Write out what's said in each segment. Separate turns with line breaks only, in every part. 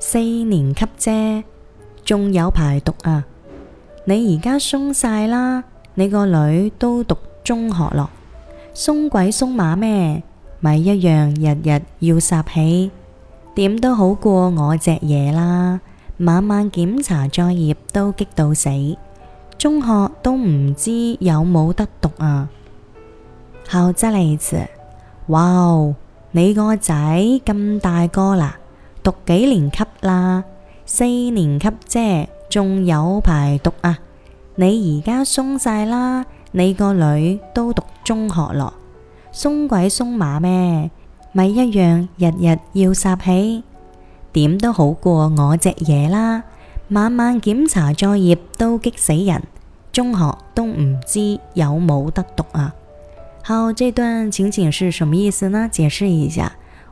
四年級啫，仲有排讀啊！你而家鬆晒啦，你個女都讀中學咯，鬆鬼鬆馬咩？咪一樣日日要霎氣，點都好過我隻嘢啦。晚晚檢查作業都激到死，中學都唔知有冇得讀啊！後之例子，哇、wow，你個仔咁大個啦！讀幾年級啦？四年級啫，仲有排讀啊！你而家鬆晒啦，你個女都讀中學咯，鬆鬼鬆馬咩？咪一樣日日要霎氣，點都好過我隻嘢啦。晚晚檢查作業都激死人，中學都唔知有冇得讀啊！好，這段情景是什麼意思呢？解釋一下。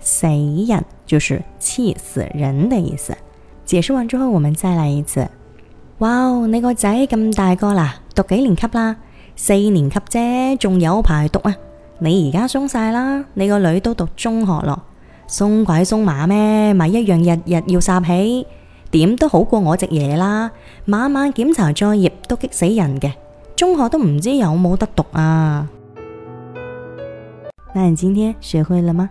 死人就是氣死人的意思。解釋完之後，我們再來一次。哇，你個仔咁大個啦，讀幾年級啦？四年級啫，仲有排讀啊。你而家鬆晒啦，你個女都讀中學咯，鬆鬼鬆馬咩？咪一樣日日要霎氣，點都好過我隻嘢啦。晚晚檢查作業都激死人嘅，中學都唔知有冇得讀啊？那你今天學會了嗎？